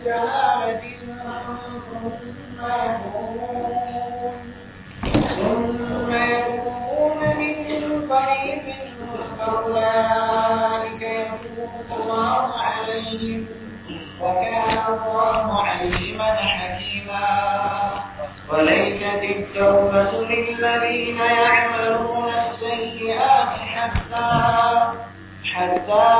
السَّهَامَةِ فَهُمْ مَاهُونَ ثُمَّ يَكُونُ مِنْ قَرِيبٍ فَأُولَٰئِكَ يَتُوبُ اللَّهُ عَلَيْهِمْ وَكَانَ اللَّهُ عَلِيمًا حَكِيمًا وليست التوبة للذين يعملون السيئات حتى حتى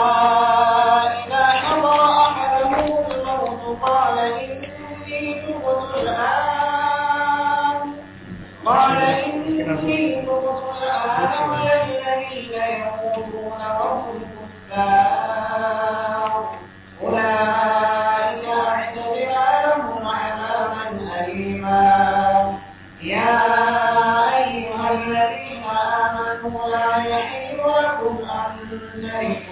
قال إني تبت الآن قال إني تبت الآن ولا يقولون رب الكفار أولئك أعتدنا لهم عذابا أليما يا أيها الذين آمنوا لا يحل لكم أن ترثوا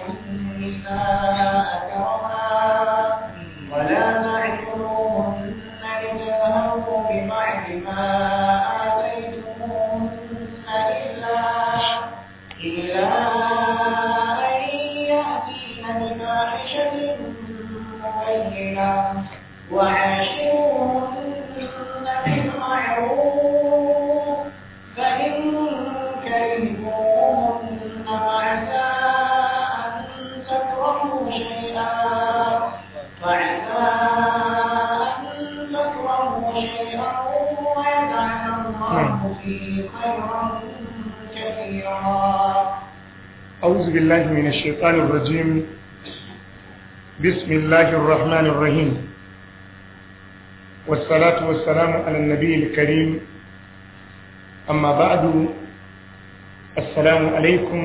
بالله من الشيطان الرجيم بسم الله الرحمن الرحيم والصلاة والسلام على النبي الكريم أما بعد السلام عليكم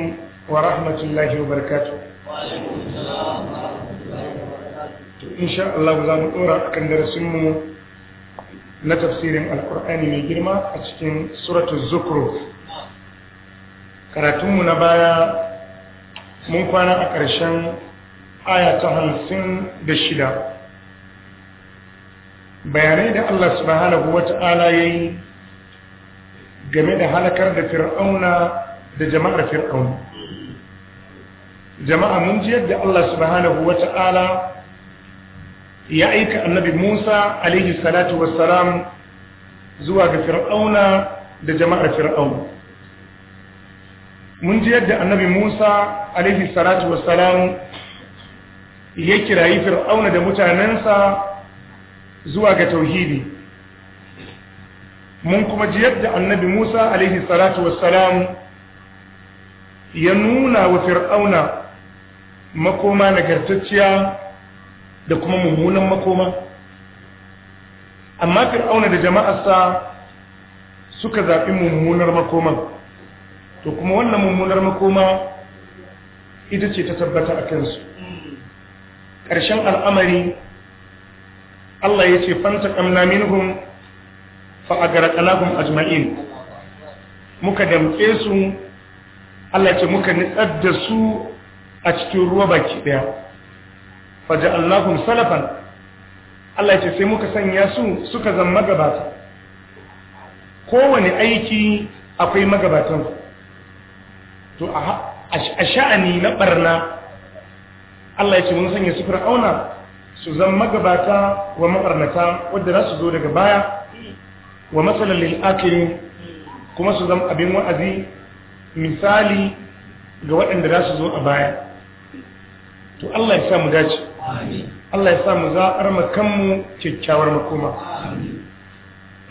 ورحمة الله وبركاته وعليكم السلام ورحمة الله وبركاته إن شاء الله زام أورا كان درسمه نتفسير القرآن من جرمة سورة الزكرو karatunmu na mun kwana a ƙarshen aya ta hamsin da shida bayanai da Allah subhanahu wa ta'ala ya yi game da halakar da fir'auna da jama'ar Fir'aun. jama'a mun ji yadda Allah subhanahu wa ta'ala ya aika annabi Musa alaihi salatu wassalam zuwa ga fir'auna da jama'ar fir'auna mun ji yadda annabi Musa alaihi salatu wassalam ya kirayi fir'auna da mutanensa zuwa ga tauhidi mun kuma ji yadda annabi Musa alaihi salatu wassalam ya nuna wa fir'auna makoma nagartacciya da kuma mummunan makoma amma fir'auna da jama'arsa suka zaɓi mummunar makoman to kuma wannan mummunar makoma ita ce ta tabbata a kansu ƙarshen al'amari Allah ya ce fanta ƙamna minhum fa a ajma'in muka damke su Allah ce muka nitsar da su a cikin ruwa baki ɗaya fa allahun salafan Allah ce sai muka sanya su suka zama magabata kowane aiki akwai magabatan to a sha'ani na barna Allah ya ce mun sanya su fir'auna su zama magabata wa mabarnata wadda za su zo daga baya wa matsalar lil'akiri kuma su zama abin wa'azi misali ga waɗanda za su zo a baya to Allah ya sa mu dace Allah ya sa mu za'ar makanmu kyakkyawar makoma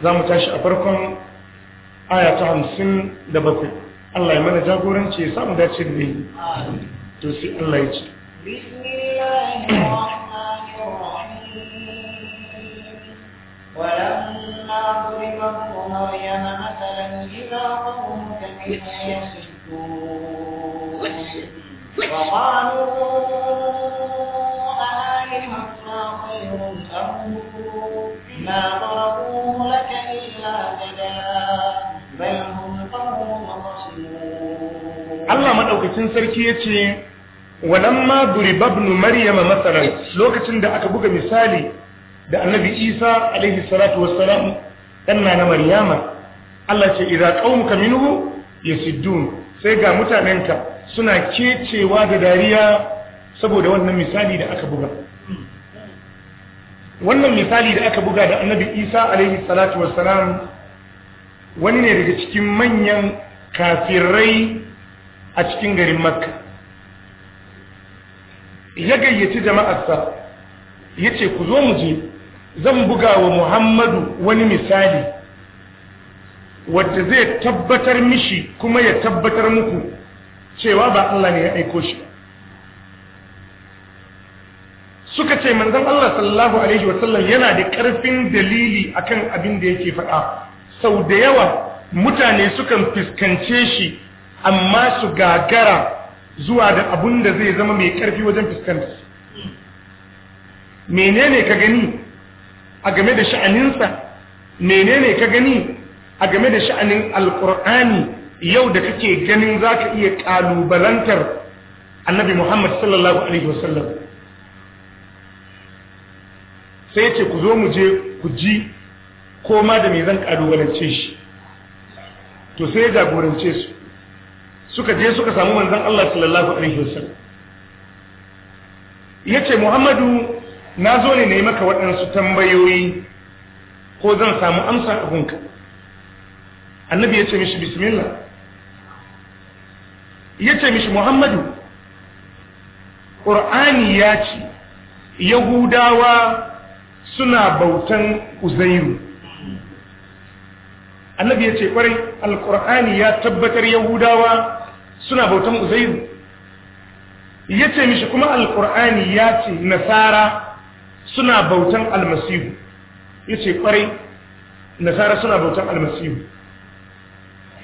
za mu tashi a farkon aya ta hamsin da bakwai Allah mana jagoranci ya samu dacin ne to sai Allah ce madaukakin sarki yace walamma duriba ibn maryama masalan lokacin da aka buga misali da annabi isa alaihi salatu wassalam danna na maryama Allah ce idza qaumuka minhu yasiddun sai ga mutanenka suna kecewa da dariya saboda wannan misali da aka buga wannan misali da aka buga da annabi isa alaihi salatu wassalam wani ne daga cikin manyan kafirai a cikin garin makka ya gayyaci jama'arsa ya ce ku zo mu je zan buga wa muhammadu wani misali Wanda zai tabbatar mishi kuma ya tabbatar muku cewa ba Allah ne ya aiko shi suka ce manzon Allah sallallahu alaihi wasallam yana da ƙarfin dalili akan abin da yake faɗa sau da yawa mutane sukan fiskance shi amma su gagara zuwa da abun da zai zama mai karfi wajen fuskanta menene ka gani a game da sha'aninsa menene ka gani a game da sha'anin alkur'ani yau da kake ganin za ka iya ƙalubalantar annabi muhammad sallallahu alaihi wasallam sai ce ku zo mu je ku ji koma da mai zan ƙalubalance shi to sai ya jagorance su suka je suka samu manzon Allah sallallahu alaihi wasallam yace Muhammadu na zo ne na yi maka waɗansu tambayoyi ko zan samu amsa a gunka annabi ya ce mishi bismillah ya ce mishi muhammadu ƙur'ani ya ce yahudawa suna bautan uzairu annabi ya ce ƙwarai alƙur'ani ya tabbatar yahudawa suna bautan uzairu ya ce mishi kuma alkur'ani ya ce nasara suna bautan almasihu ya ce kwarai nasara suna bautan almasihu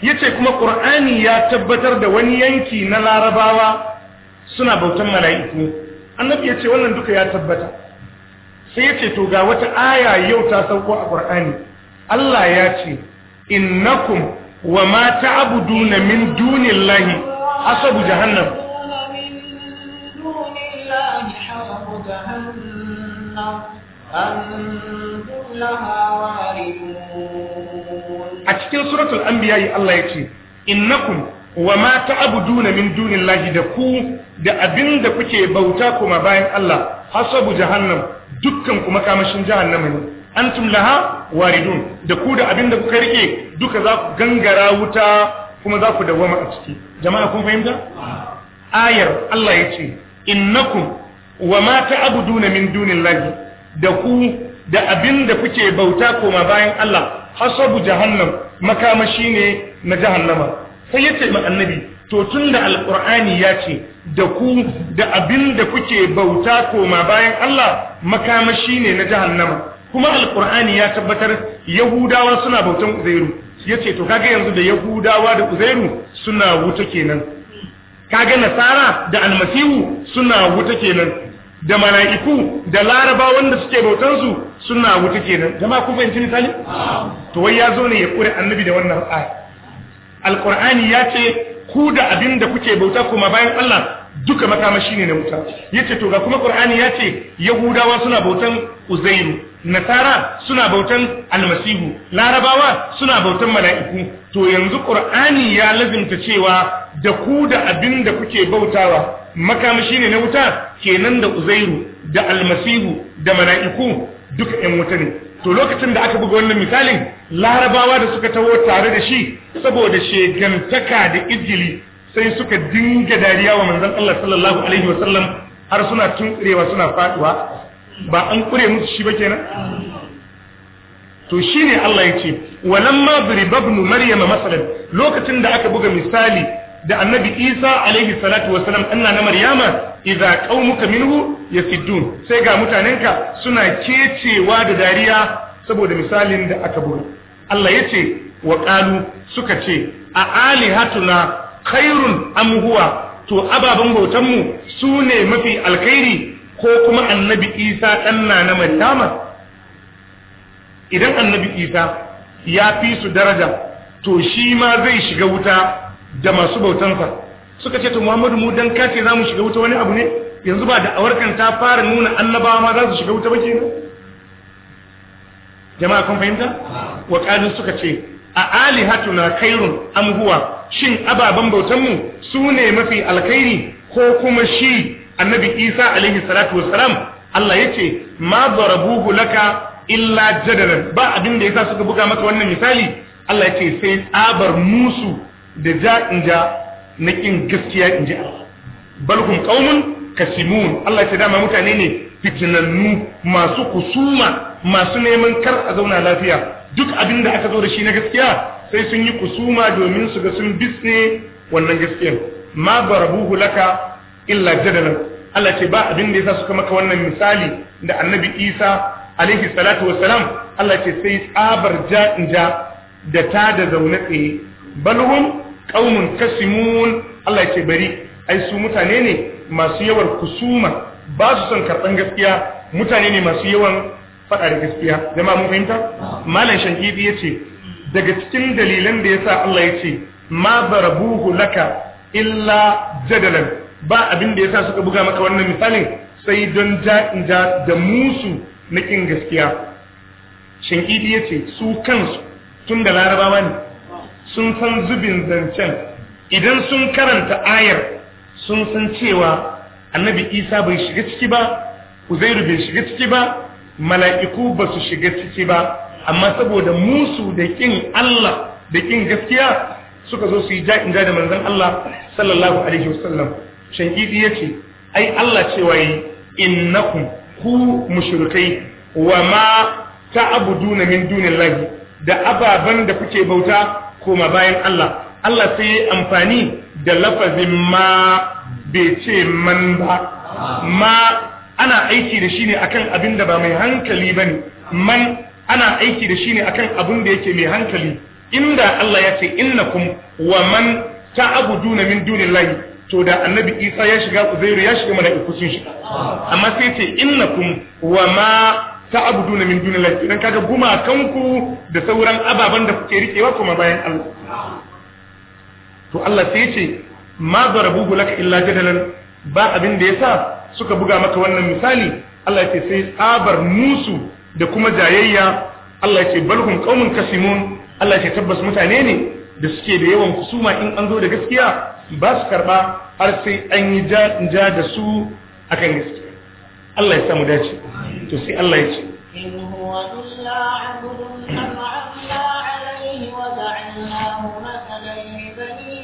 ya ce kuma ƙur'ani ya tabbatar da wani yanki na larabawa suna bautan mala'iku annabi ya ce wannan duka ya tabbata sai ya ce to ga wata aya yau ta sauko a ƙur'ani allah ya ce innakum wa ma ta'buduna min dunillahi حسب جهنم a cikin suratul anbiya Allah ya ce innakum wa ma ta'buduna min dunillahi da ku da abinda kuke bauta kuma bayan Allah hasabu jahannam dukkan kuma kamashin jahannama ne antum laha waridun da ku da abinda kuka rike duka za ku gangara wuta kuma za ku dawama a ciki jama'a kun fahimta ayar Allah ya ce innakum wa ma ta'buduna min dunillahi da ku da abinda kuke bauta koma bayan Allah hasabu jahannam makamashi ne na jahannama sai yace ma annabi to tunda alqur'ani ya ce da ku da abinda kuke bauta koma bayan Allah makamashi ne na jahannama kuma alqur'ani ya tabbatar yahudawa suna bautan uzairu ya ce to kaga yanzu da yahudawa da uzairu suna wuta kenan kaga nasara da almasihu suna wuta kenan da mala'iku da laraba wanda suke bautan su suna wuta kenan jama'a kun fahimci misali to wai ya zo ne ya kure annabi da wannan aya alqur'ani ce ku da abinda da kuke bauta kuma bayan Allah duka makamashi ne na wuta yace to ga kuma qur'ani yace yahudawa suna bautan uzairu nasara suna bautan almasihu larabawa suna bautan mala'iku to yanzu qur'ani ya lazimta cewa da ku da abin da kuke bautawa makamashi ne na wuta kenan da uzairu da almasihu da mala'iku duka ƴan wuta ne to lokacin da aka buga wannan misalin larabawa da suka taho tare da shi saboda shegantaka da ijili sai suka dinga dariya wa manzon Allah sallallahu alaihi wa sallam har suna tunkurewa suna faduwa ba an kure musu shi ba kenan to shine Allah yace walamma duriba ibn maryama masalan lokacin da aka buga misali da annabi Isa alaihi salatu wasalam anna na maryama idza qaumuka minhu yasiddun sai ga mutanenka suna kecewa da dariya saboda misalin da aka buga Allah yace wa qalu suka ce a alihatuna khairun am huwa to ababen bautan mu sune mafi alkhairi ko kuma annabi Isa dan na Maryama idan annabi Isa ya fi su daraja to shi ma zai shiga wuta da masu bautansa suka ce to Muhammadu mu dan kace zamu shiga wuta wani abu ne yanzu ba da awarkan ta fara nuna annabawa ma za su shiga wuta ba ne jama'a kun fahimta wa qalu suka ce a alihatuna khairun am huwa shin ababen bautanmu su ne mafi alkhairi ko kuma shi annabi isa alaihi salatu wassalam Allah ya ce ma laka illa jadalan ba abin da yasa suka buga maka wannan misali Allah ya ce sai tsabar musu da ja inja na kin gaskiya inji Allah balhum qaumun kasimun Allah ya ce dama mutane ne fitinannu masu kusuma masu neman kar a zauna lafiya duk abin da aka zo da shi na gaskiya sai sun yi kusuma domin su ga sun bisne wannan gaskiyar ma barabuhu laka illa jadalan Allah ce ba abin da ya sa suka maka wannan misali da Annabi Isa alaihi salatu wassalam Allah ce sai tsabar ja'inja da ta da zaune tsaye balhum qaumun kasimun Allah ce bari ai su mutane ne masu yawar kusuma ba su son karban gaskiya mutane ne masu yawan faɗa da gaskiya jama'a mun fahimta malam shankidi yace daga cikin dalilan da yasa Allah ya ce ma barabuhu laka illa jadalan ba abin da yasa suka buga maka wannan misalin sai don ja'inja da musu na kin gaskiya ya yace su kansu tun da larabawa ne sun san zubin zancen idan sun karanta ayar sun san cewa annabi isa bai shiga ciki ba uzairu bai shiga ciki ba mala'iku ba su shiga ciki ba amma saboda musu da kin Allah da kin gaskiya suka zo su yi ja'in da manzon Allah sallallahu alaihi wasallam shankidi yace ai Allah cewa yi innakum ku mushrikai wa ma ta'buduna min dunillahi da ababan da kuke bauta koma bayan Allah Allah sai amfani da lafazin ma bai ce man ba ma ana aiki da shi ne akan abin da ba mai hankali bane man ana aiki da shi ne akan abin da yake mai hankali inda Allah ya ce innakum wa man ta'buduna min dunillahi to da annabi Isa ya shiga Uzairu ya shiga mala'iku sun shiga amma sai ce innakum wa ma ta'buduna min dunillahi idan kaga gumakanku da sauran ababan da kuke rikewa kuma bayan Allah to Allah sai ce ma darabuhu laka illa jadalan ba abin da yasa suka buga maka wannan misali Allah ya ce sai tsabar musu da kuma jayayya Allah ce balhum qaumun kasimun Allah ce tabbas mutane ne da suke da yawan kusuma in an zo da gaskiya ba su karba har sai an yi ja da su akan gaskiya Allah ya samu dace to sai Allah ya ce in huwa illa amrun an'amna alayhi wa ja'alnahu matalan li bani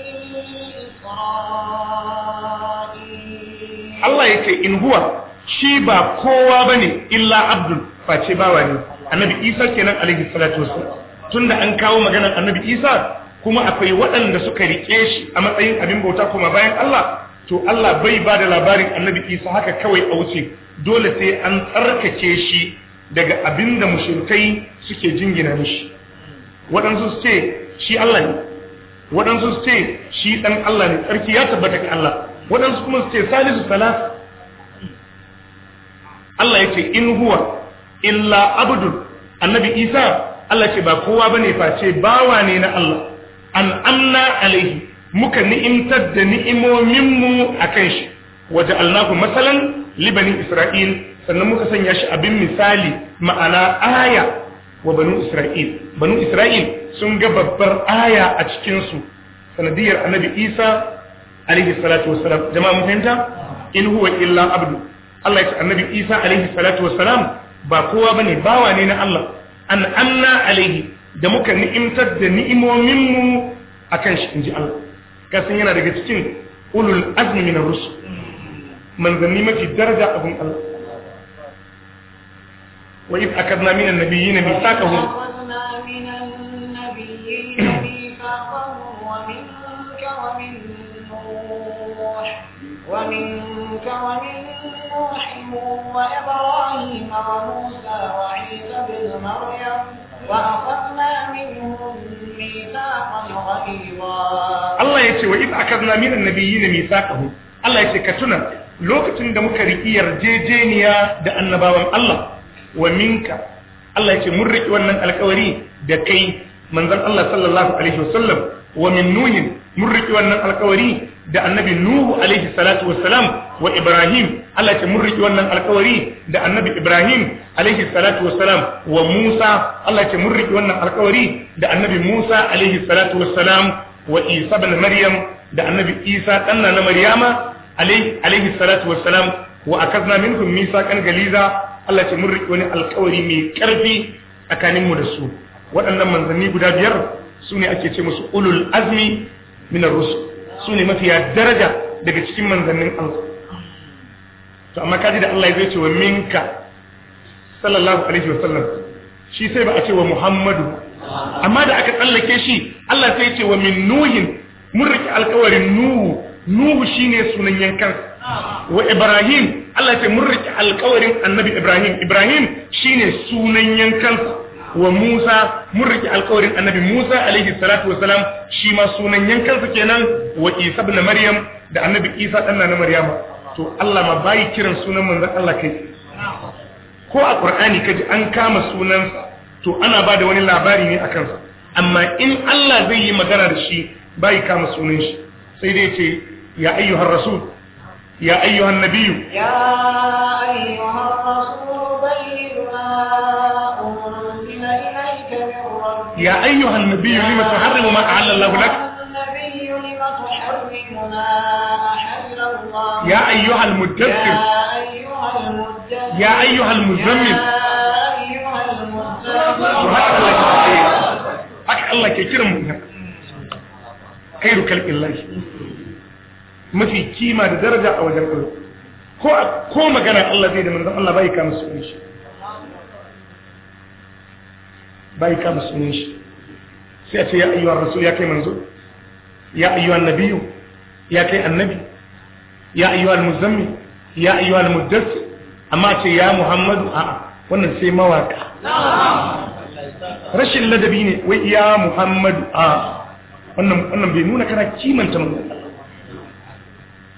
Isra'il Allah ya ce in huwa shi ba kowa bane illa Abdul. face bawa ne annabi isa kenan alaihi salatu wasallam tunda an kawo maganar annabi isa kuma akwai waɗanda suka rike shi a matsayin abin bauta kuma bayan Allah to Allah bai ba da labarin annabi isa haka kawai a wuce dole sai an tsarkake shi daga abin da mushrikai suke jingina mishi waɗansu su ce shi Allah ne waɗansu su ce shi ɗan Allah ne tsarki ya tabbata ga Allah waɗansu kuma su ce salisu salas Allah ya ce in huwa illa abdun annabi isa Allah ce ba kowa bane face bawa ne na Allah an Amna alaihi muka ni'imtar da ni'imomin mu akan shi waja'alnahu masalan li bani isra'il sannan muka sanya shi abin misali ma'ana aya wa banu isra'il banu isra'il sun ga babbar aya a cikin su sanadiyar annabi isa alaihi salatu wassalam jama'a mun fahimta in huwa illa abdu Allah ya ce annabi isa alaihi salatu wassalam ba kowa bane bawa ne na Allah an amna alaihi da muka ni'imtar da ni'imominmu a kan shi inji Allah kasan yana daga cikin ulul azmi min ar-rusul manzanni mafi daraja abun Allah wa id akadna min an-nabiyyin mithaqahum ومنك ومن نوح وإبراهيم وموسى وعيسى بن مريم وأخذنا منهم ميثاقا غليظا الله يتي وإذ أخذنا من النبيين ميثاقهم الله يتي كتنا lokacin da muka riƙi yarjejeniya da annabawan Allah wa minka Allah ya ce mun riƙi wannan alƙawari da kai manzon Allah sallallahu alaihi wasallam wa min nuhin mun riƙe wannan alkawari da annabi nuhu alaihi wa ibrahim Allah ce mun riƙe wannan alkawari da annabi ibrahim alaihi salatu wassalam wa musa Allah ce mun riƙe wannan alkawari da annabi musa alaihi wa isa maryam da annabi isa ɗanna maryama alaihi salatu wassalam wa akazna minkum misaqan galiza Allah ce mun riƙe wani alkawari mai ƙarfi tsakaninmu da su waɗannan manzanni guda biyar su ne ake ce musu ulul azmi minar rusul su ne mafiya daraja daga cikin manzannin Allah to amma kaji da Allah ya zai ce wa minka sallallahu alaihi wa sallam shi sai ba a ce wa muhammadu amma da aka tsallake shi Allah sai ce wa min nuhin mun rike alkawarin nuhu nuhu shi ne sunan yankan wa ibrahim Allah ce mun rike alkawarin annabi ibrahim ibrahim shi ne sunan yankan wa Musa mun riki alƙawarin annabi Musa alaihi salatu wasalam shi ma sunan yankansa kenan wa Isa ibn Maryam da annabi Isa dan na Maryama to Allah ma bai kiran sunan manzon Allah kai ko a Qur'ani kaji an kama sunansa to ana ba da wani labari ne akan sa amma in Allah zai yi magana da shi bai kama sunan shi sai dai ce ya ayyuhar rasul ya ayyuhan nabiyyu ya ayyuhar rasul bayyana يا أيها النبي لما تحرم ما احل الله لك يا أيها المدسر يا أيها المزمن حق الله كيرم خيرك الإله ما في كيمة درجة أو جنة كو مكان الله زيد من الله بايكا مسؤولي bai kama sunan shi sai a ce ya ayyuwar rasul ya kai manzo ya ayyuwar nabiyu ya kai annabi ya ayyuwar muzammi ya ayyuwar muddassi amma ce ya muhammadu A'a wannan sai mawaka rashin ladabi ne wai ya muhammadu a wannan bai nuna kana kimanta manzo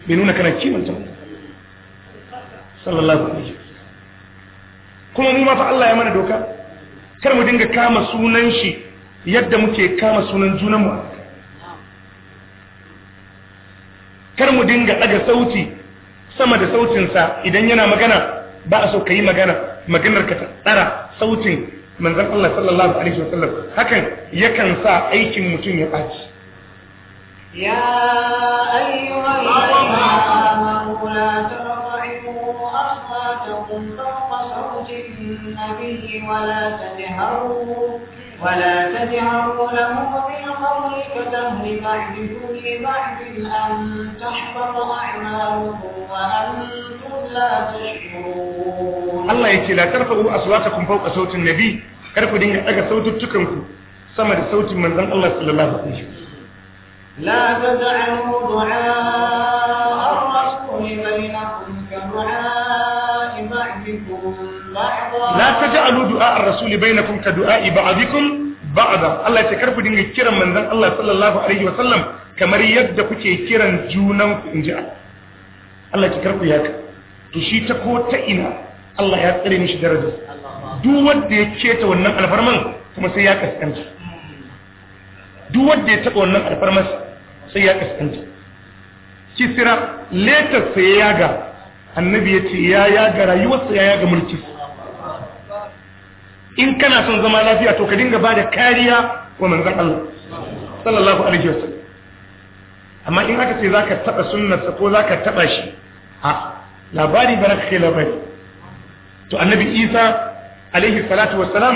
bai nuna kana kimanta manzo sallallahu alaihi kuma mu ma fa Allah ya mana doka kar mu dinga kama sunan shi yadda muke kama sunan junanmu kar mu dinga daga sauti sama da sautinsa idan yana magana ba a so ka yi magana maganar ka tsara sautin manzan Allah sallallahu alaihi wasallam hakan yakan sa aikin mutum ya ɓaci ya ayyuhal ladina amanu la فوق صوت النبي ولا تجهروا ولا تجهروا له بالقول كجهر بعضكم لبعض أن تحبط أعمالكم وأنتم لا تشعرون الله يتي لا ترفعوا أصواتكم فوق صوت النبي كرفوا دينك أجا صوت التكمكم صوت من sautin الله صلى الله عليه وسلم لا تجعلوا دعاء الرسول بينكم كدعاء بعضكم بعضا لا تجعلوا دعاء الرسول بينكم كدعاء بعضكم بعضا الله يتكر karku dinga kiran manzon Allah sallallahu alaihi wa sallam kamar yadda kuke kiran junan ku inji Allah ki karku yaka to shi ta ko ta ina Allah ya tsare mishi daraja duk wanda ya keta wannan alfarman kuma sai ya kaskanta duk wanda ya taba wannan alfarman sai ya kaskanta kisira later sai ya ga annabi ya ce ya ya ga rayuwarsa ya ya ga mulki in kana son zama lafiya to ka dinga ba da kariya wa manzan Allah sallallahu alaihi wasallam amma in aka ce zaka taba sunnarsa ko zaka taba shi a labari baraka kai labari to annabi Isa alaihi salatu wassalam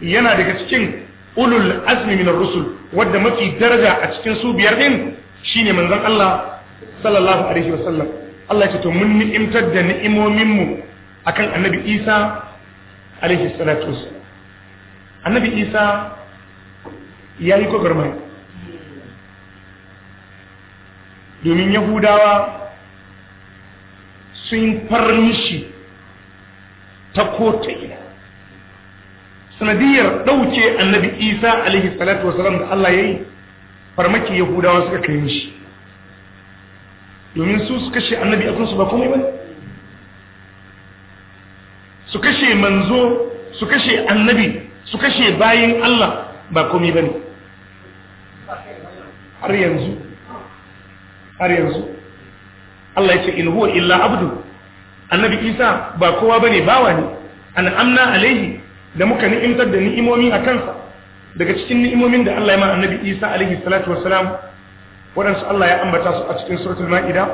yana daga cikin ulul azmi min ar-rusul wanda mafi daraja a cikin su biyar din shine manzan Allah sallallahu alaihi wasallam Allah ce to mun ni'imtar da ni'imomin mu akan annabi Isa alaihi salatu wassalam annabi Isa ya yayi kogarmai domin yahudawa sun farnishi ta kota ina sanadiyar ɗauke annabi isa alaihi salatu wasalam da allah ya yi farmaki yahudawa suka kai mishi domin su su kashe annabi a kansu ba komai ba su kashe manzo su kashe annabi su kashe bayin Allah ba komai ba ne har yanzu har yanzu Allah ya ce in huwa illa abdu annabi isa ba kowa ba ne bawa ne an amna alaihi da muka ni'imtar da ni'imomi a kansa daga cikin ni'imomin da Allah ya ma annabi isa alaihi salatu wasalam waɗansu Allah ya ambata su a cikin suratul ma'ida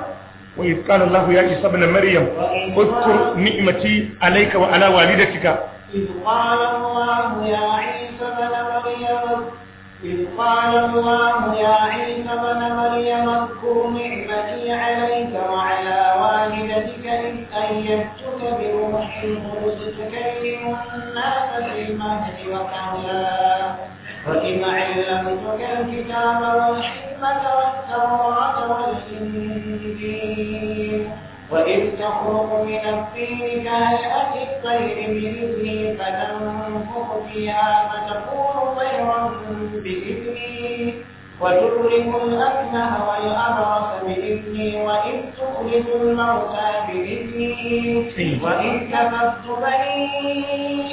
wa idh qala Allah ya Isa ibn Maryam udkur ni'mati alayka wa ala walidatika إذ قال الله يا عيسى بن مريم إذ قال الله يا عيسى بن مريم اذكر نعمتي عليك وعلى والدتك إذ أيدتك بروح القدس تكلم الناس في المهد وكهلا وإذ علمتك الكتاب والحكمة التوراة والتوراة والإنجيل وإذ تخلق من الطين كهيئة الطير بإذني فتنفخ فيها فتكون طيرا بإذني وتبرك الأكمه والأبرص بإذني وإذ تخرج الموتى بإذني وإذ كففت بني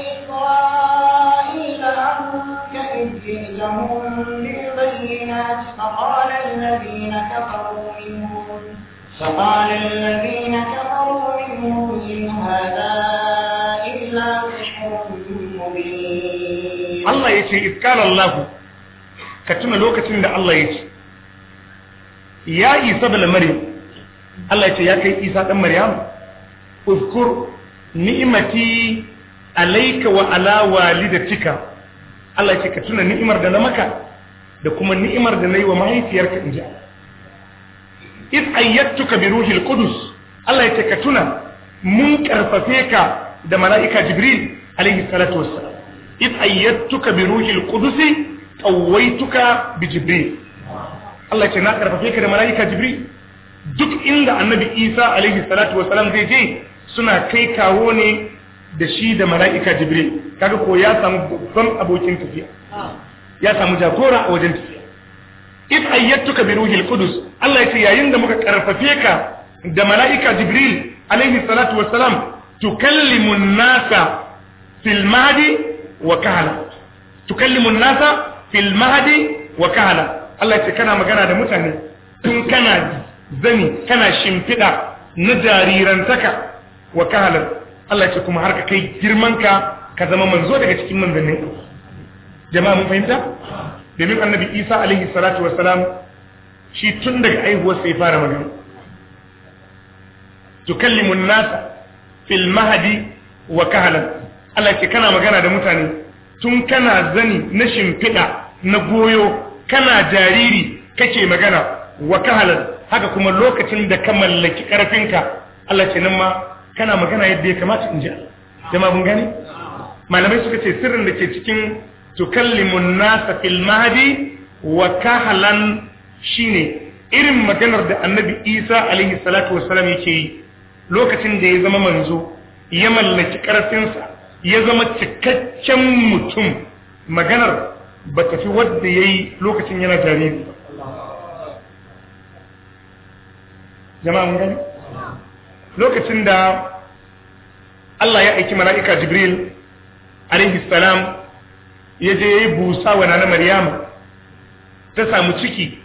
إسرائيل عنهم كإذ جئتهم بالبينات فقال الذين كفروا منهم فقال الذين كفروا منهم إن هذا إلا سحر مبين الله يتي إذ قال الله كتنا لوكتين ده الله يتي يا عيسى بن مريم الله يتي يا كي عيسى بن مريم اذكر نعمتي عليك وعلى والدتك Allah ya ce ka tuna ni'imar da na maka da kuma ni'imar da na yi wa mahaifiyarka in ji iz ayyatuka bi ruhil qudus Allah ya ce ka tuna mun karfafe ka da mala'ika jibril alaihi salatu wassalam iz ayyatuka bi ruhil qudus qawaituka bi jibril Allah ya ce na karfafe ka da mala'ika jibril duk inda annabi Isa alaihi salatu wassalam zai je suna kai kawo ne da shi da mala'ika jibril kaga ko ya samu babban abokin tafiya ya samu jagora a wajen tafiya if ayyatuka bi ruhil qudus Allah yace yayin da muka karfafe ka da mala'ika jibril alaihi salatu wassalam tukallimu an-nasa fil mahdi wa kahla tukallimu an-nasa fil mahdi wa kahla Allah yace kana magana da mutane tun kana zani kana shimfida na jarirantaka wa kahla Allah ce kuma har ka kai girmanka ka zama manzo daga cikin manzannin jama'a mun fahimta domin annabi isa alaihi salatu wassalam shi tun daga aihuwar sai fara magana tukallimu nasa fil mahadi wa kahalan Allah ce kana magana da mutane tun kana zani na shimfiɗa na goyo kana jariri kake magana wa kahalan haka kuma lokacin da ka mallaki ƙarfinka Allah ce nan ma kana magana yadda ya kamata in ji jama mun gani malamai suka ce sirrin da ke cikin tukallimun nasa fil mahdi wa kahalan shine irin maganar da annabi isa alaihi salatu wasalam yake yi lokacin da ya zama manzo ya mallaki karfinsa ya zama cikakken mutum maganar ba tafi wadda ya yi lokacin yana jariri ba jama'an gani lokacin da Allah ya aiki mala'ika Jibril alaihi salam ya je yayi busa wa nana Maryam ta samu ciki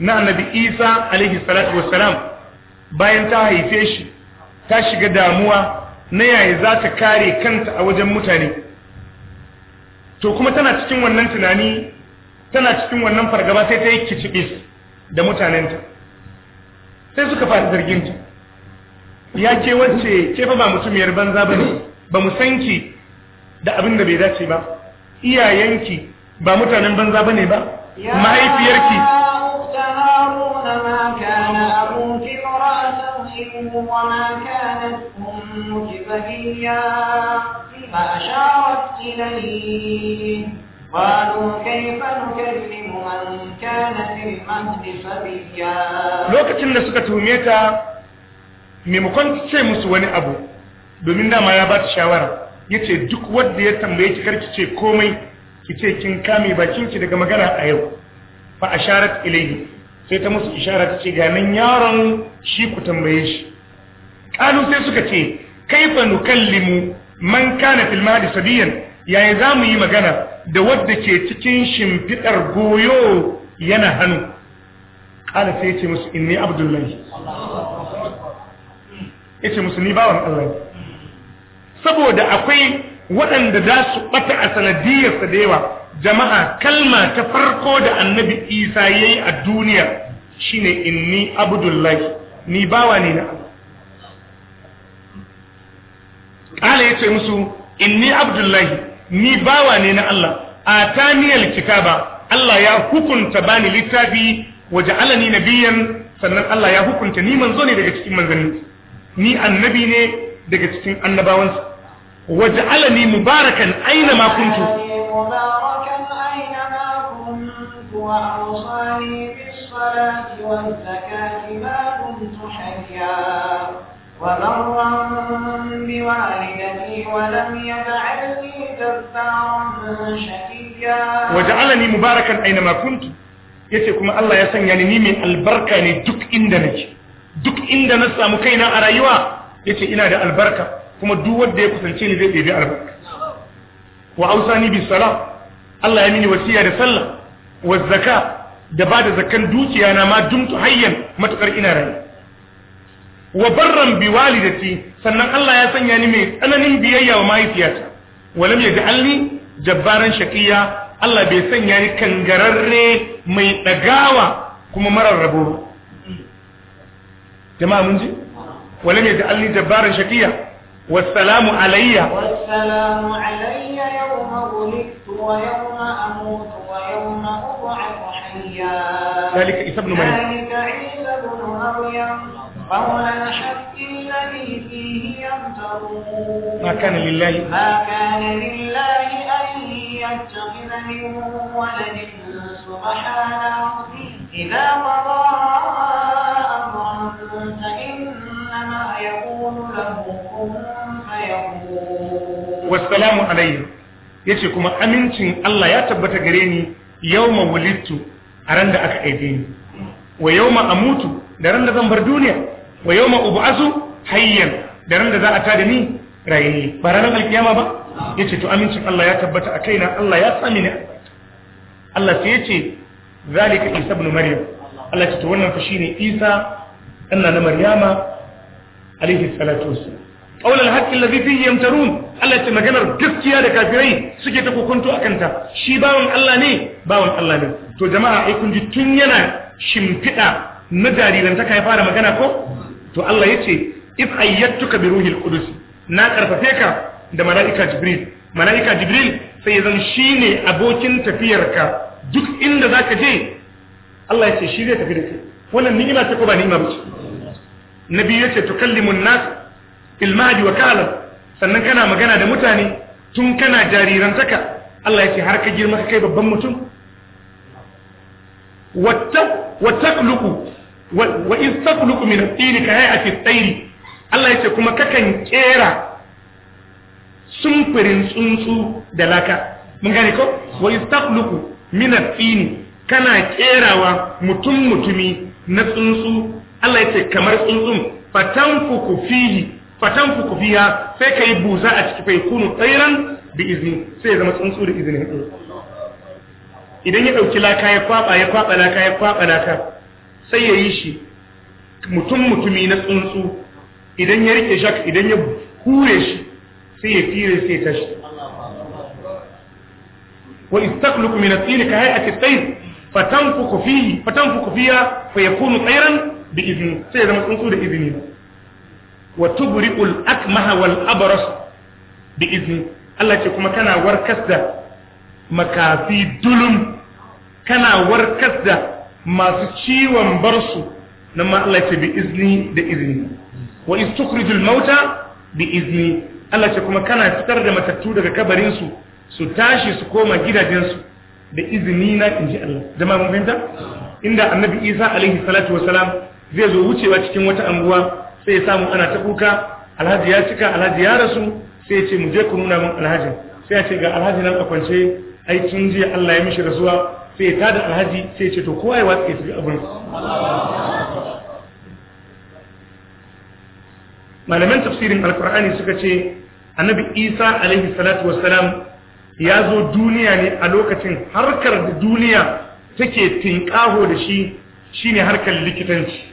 na annabi Isa alaihi salatu wassalam bayan ta haife shi ta shiga damuwa na yaya za ta kare kanta a wajen mutane to kuma tana cikin wannan tunani tana cikin wannan fargaba sai ta yi kicibis da mutanenta sai suka fara zarginta ya ce, wacce ke fa ba yar banza bane ba mu san da abin da bai dace ba iyayenki ba mutanen banza bane ba mahaifiyarki lokacin da suka tume ta maimakon ce musu wani abu domin dama ya ba ta shawara ya ce duk wadda ya tambaye ki karki ce komai ki ce kin kame bakinki daga magana a yau fa a sharat ilayhi sai ta musu ishara ta ce ganin yaron shi ku tambaye shi kalu sai suka ce kai kaifa nukallimu man kana fil mahdi sabiyan yaya za mu yi magana da wadda ke cikin shimfiɗar goyo yana hannu kala sai ce musu inni abdullahi yace musu ni bawan Allah saboda akwai waɗanda za su ɓata a sanadiyarsa da yawa jama'a kalma ta farko da annabi isa ya yi a duniya shine inni abdullahi ni bawa ne na Allah ya ce musu inni abdullahi ni bawa ne na Allah a taniyar kitaba Allah ya hukunta bani littafi waje alani biyan, sannan Allah ya hukunta ni manzo ne daga cikin manzanni ni annabi ne daga cikin annabawansa Waje mubarakan aina mubarakan aina ma kuntu waj'alani mubarakan aina ma kuntu yace kuma Allah ya sanya ni ni mai albarka ne duk inda nake duk inda na samu kaina a rayuwa ce ina da albarka kuma duk wanda ya kusance ni zai ɗebi albarka wa ausani bi salam Allah ya mini wasiya da sallah wa zaka da ba da zakan dukiya na ma dumtu hayyan matukar ina rayu wa barran bi walidati sannan Allah ya sanya ni mai tsananin biyayya wa mahaifiyata walam yaj'alni jabbaran shaqiya Allah bai sanya ni kangararre mai dagawa kuma marar rabo جماعة منجي ولم يجعلني جبارا شكيا والسلام علي والسلام علي يوم ولدت ويوم أموت ويوم أبعث حيا ذلك عيسى بن مريم ذلك عيسى بن مريم قول الحق الذي فيه يمترون ما كان لله ما كان لله أن يتخذ من ولد سبحانه إذا مضى wassalamu alayhi ce kuma amincin Allah ya tabbata gare ni yau ma wulidtu a ran da aka aibe ni wa yau ma amutu da ran da zan bar duniya wa yau ma ub'asu hayyan da ran da za a ta da ni rayi ba ranar alkiyama ba Ya ce to amincin Allah ya tabbata a kaina Allah ya sami ni Allah sai yace zalika isa ibn maryam Allah ce to wannan fa shine isa ɗanna na maryama alaihi salatu wassalam qawl al-haqqi alladhi fihi yamtarun Allah ce maganar gaskiya da kafirai suke ta kokonto a kanta shi bawan Allah ne bawan Allah ne to jama'a ai kun ji tun yana shimfiɗa na jarirantaka ya fara magana ko to Allah ya ce if ayyattuka bi ruhil qudus na karfafe ka da mala'ika jibril mala'ika jibril sai ya zama shine abokin tafiyarka duk inda zaka je Allah ya ce shi zai tafi da kai wannan ni'ima ce ko ba ni'ima ba ce nabi ya ce tukallimun nas fil mahdi wa kalam sannan kana magana da mutane tun kana saka. Allah ya ce har ka girma ka kai babban mutum wattaqluqu wa in taqluqu min at-tayr ka hay'ati at-tayr Allah ya ce kuma kakan kera sumfurin tsuntsu da laka mun gane ko wa in taqluqu min at kana kerawa mutum mutumi na tsuntsu Allah ya ce kamar tsuntsun ku fihi fatan fuku fiya sai ka yi buza a ciki fai kunu tsairan bi izini sai ya zama tsuntsu da izini idan ya ɗauki laka ya kwaɓa ya kwaɓa laka ya kwaɓa laka sai ya yi shi mutum mutumi na tsuntsu idan ya rike shak idan ya hure shi sai ya fire sai ya tashi wa istakluku min at-tin ka hay'ati at-tayr fatanfuku fihi fatanfuku fiha fa yakunu tsairan bi izni sai ya zama tsuntsu da izini wa tubri'ul akmaha wal abras bi izni Allah ce kuma kana warkas da makafi dulum kana warkas da masu ciwon barsu nan ma Allah ce bi izni da izini wa istukhrijul mauta bi izni Allah ce kuma kana fitar da matattu daga kabarin su su tashi su koma gidajensu da izini na inji Allah jama'a mun fahimta inda annabi Isa alaihi salatu wasalam zai zo wucewa cikin wata anguwa sai ya samu ana ta kuka alhaji ya cika alhaji ya rasu sai ya ce mu je ku nuna min alhaji sai ya ce ga alhaji nan a kwance ai tun jiya Allah ya mishi rasuwa sai ya tada alhaji sai ya ce to kowa ya watsa ya tafi abin malaman tafsirin alkur'ani suka ce annabi isa alaihi salatu wassalam ya zo duniya ne a lokacin harkar duniya take tinƙaho da shi shine harkar likitanci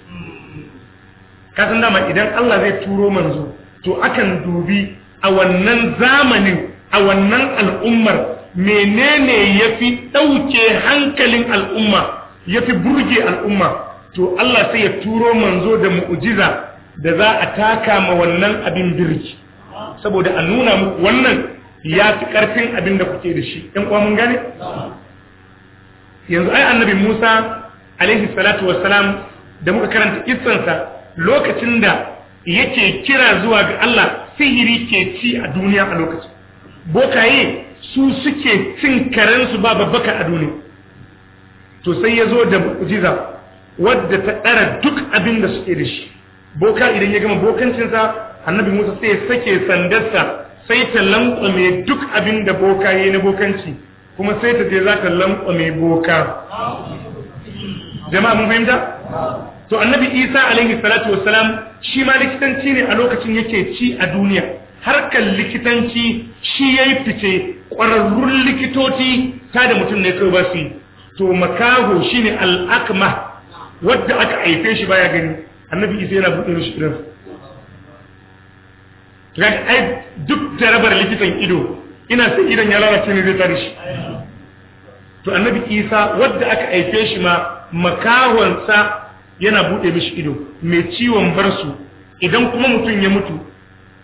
kasan dama idan Allah zai turo manzo to akan dubi a wannan zamanin a wannan al'ummar menene yafi fi ɗauke hankalin al'umma yafi burge al'umma to Allah sai ya turo manzo da mu'ujiza da za a taka ma wannan abin birki saboda a nuna muku wannan ya fi ƙarfin abin da kuke da shi ɗan mun gane? yanzu ai annabi musa alaihi salatu wassalam da muka karanta kissansa lokacin da yake kira zuwa ga Allah sihiri ke ci a duniya a lokacin bokaye su suke cin karensu ba babbaka a duniya to sai ya zo da mu'jiza wadda ta ɗara duk abin da suke da shi boka idan ya gama bokancinsa annabi musa sai ya sake sandarsa sai ta lankwame duk abin da boka ya na bokanci kuma sai ta je za ta lankwame boka jama'a mun fahimta to annabi isa alaihi salatu wassalam shi ma likitanci ne a lokacin yake ci a duniya harkar likitanci shi ya yi fice ƙwararrun likitoci ta da mutum ne kai ba su yi to makaho shi ne al'akma wadda aka haife shi baya gani annabi isa yana buɗe mishi idan ai duk jarabar likitan ido ina sai idan ya lalace ne zai tare shi to annabi isa wadda aka haife shi ma makahonsa yana buɗe mishi ido mai ciwon barsu idan kuma mutum ya mutu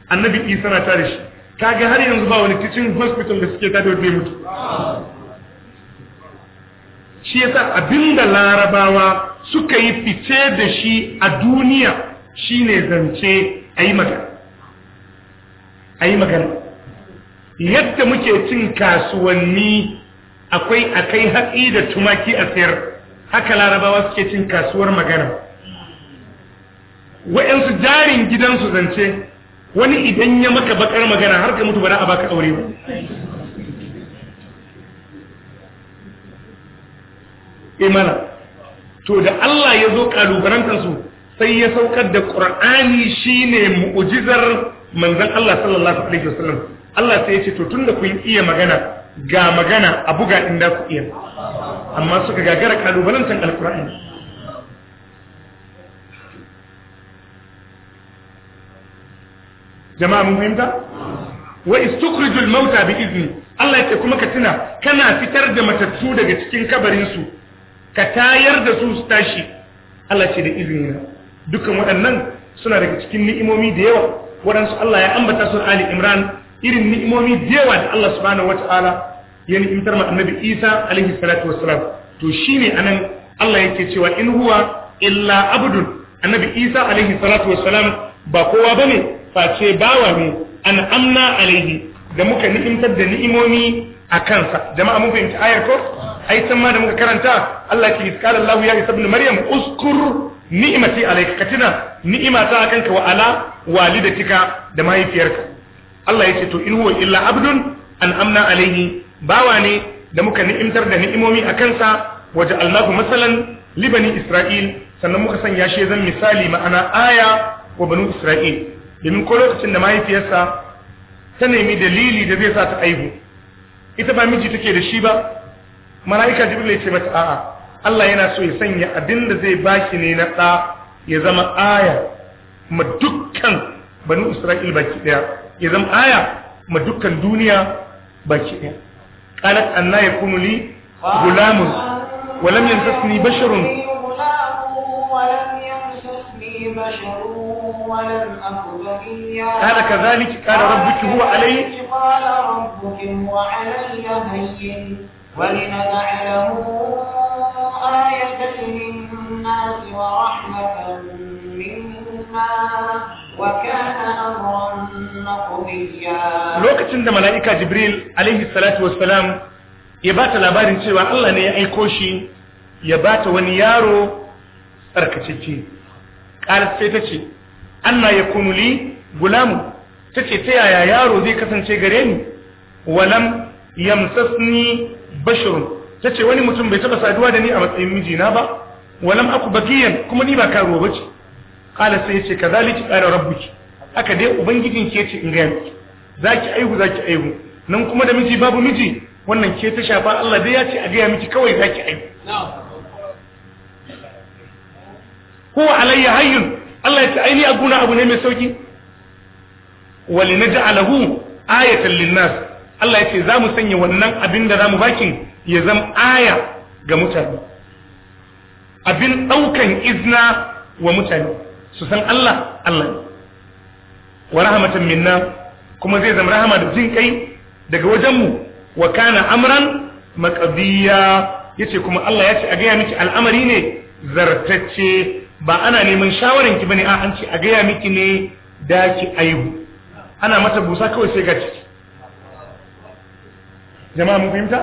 annabi isa na tare shi kaga har yanzu ba wani teaching hospital da suke tada ya mutu shi yasa abinda larabawa suka yi fice da shi a duniya shine zance a magana magana yadda muke cin kasuwanni akwai akai haƙi da tumaki a sayar haka larabawa suke cin kasuwar magana wa'yansu jarin gidansu zance wani idan ya maka bakar magana har ka mutu ba a baka aure ba imana eh to da Allah ya zo kalubarantansu sai ya saukar da ƙur'ani ne mu'ujizar manzan Allah sallallahu alaihi wasallam Allah sai ya ce to tunda kun iya magana ga magana a buga inda ku iya amma suka gagara kalubalantar alkur'ani jama'a mun fahimta wa istukhrijul mauta bi izini. Allah yake kuma ka tuna kana fitar da matattu daga cikin kabarinsu, ka tayar da su su tashi Allah ce da izini na dukkan waɗannan suna daga cikin ni'imomi da yawa waɗansu Allah ya ambata su Ali Imran irin ni'imomi da yawa da Allah subhanahu wataala ya ni'imtar ma annabi Isa alaihi salatu wassalam to shine anan Allah yake cewa in huwa illa abdun annabi Isa alaihi salatu wassalam ba kowa bane face bawa ne an amna alaihi da muka ni'imtar da ni'imomi a kansa jama'a mun fahimci ayar ko ai san ma da muka karanta Allah ke iskala Allah ya isa ibn Maryam uskur ni'mati alayka katina ni'imata akanka wa ala walidatika da mahaifiyarka Allah yace to in huwa illa abdun an amna alayhi bawa ne da muka ni'imtar da ni'imomi a kansa waje Allahu masalan libani Isra'il sannan muka sanya shi zan misali ma'ana aya wa banu Isra'il domin ko lokacin da mahaifiyarsa ta nemi dalili da zai sa ta aihu ita ba miji take da shi ba mala'ika Jibril ya ce mata a'a Allah yana so ya sanya abin da zai baki ne na ɗa ya zama aya ma dukkan banu Isra'il baki ɗaya ya zama aya ma dukkan duniya baki ɗaya قالت أن لا يكون لي غلام ولم يمسسني بشر ولم ولم بشر قال كذلك قال ربك هو علي قال ربك وعلي هين ولنجعله آية للناس ورحمة منا lokacin da mala'ika jibril alaihi salatu wassalam ya ba ta labarin cewa Allah ne ya aiko shi ya ba ta wani yaro tsarkacicci ƙarar sai ta ce anna ya kunuli gulamu ta ce ta yaya yaro zai kasance gare ni walam yamsasni bashirun ta ce wani mutum bai taɓa saduwa da ni a matsayin mijina ba walam aku bakiyan kuma ni ba karuwa ba ce kala sai yace kazalika qala rabbuki haka dai ubangijin ke ce in gaya. miki zaki aihu zaki aihu nan kuma da miji babu miji wannan ke ta shafa Allah dai ya ce a gaya miki kawai zaki aihu huwa alayya hayyun Allah ya ce aini a guna abu ne mai sauki walinaj'alahu ayatan linnas Allah ya ce za mu sanya wannan abin da za mu bakin ya zama aya ga mutane abin ɗaukan izna wa mutane su san Allah Allah wa rahmatan minna kuma zai zama rahama da jin kai daga wajenmu wa kana amran maqdiya yace kuma Allah ya ce a gaya miki al'amari ne zartacce ba ana neman shawaran ki bane a an ce a gaya miki ne da ki aihu ana mata busa kawai sai ga ciki jama'a mun fahimta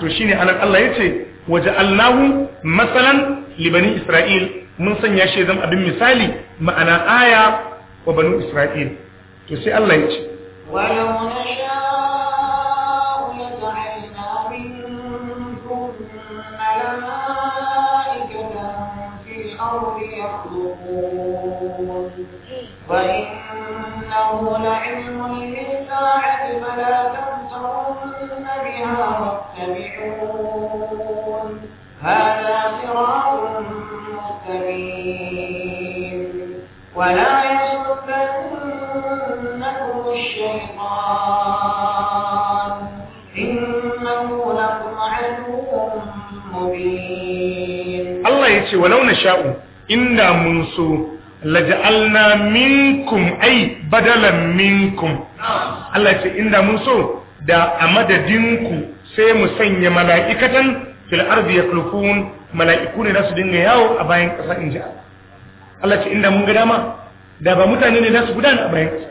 to shine anan Allah yace waja'alnahu masalan li bani isra'il mun sanya shi zan abin misali ma'ana aya wa banu isra'il to sai Allah ya ce وإنه لعلم للساعة فلا تمترن بها واتبعون هذا صراط ولا يصدنكم الشيطان إنه لكم عدو مبين الله يتي ولو نشاء إنا منسو لجعلنا منكم أي بدلا منكم نعم. الله يتي إنا منسو دا أمد دينكو سيمو سيني ملائكة في الأرض يخلقون ملائكون ناس دين يهو أبا ينقص إن Allah ce inda mun ga dama da ba mutane ne za su gudana a bayan ƙasa